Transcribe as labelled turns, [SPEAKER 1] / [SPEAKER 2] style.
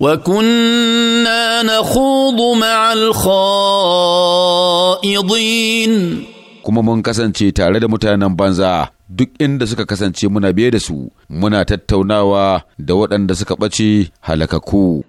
[SPEAKER 1] وكنا نخوض مع الخائضين
[SPEAKER 2] kuma mun kasance tare da mutanen banza duk inda suka kasance muna biye da su muna tattaunawa da waɗanda suka ɓace halakaku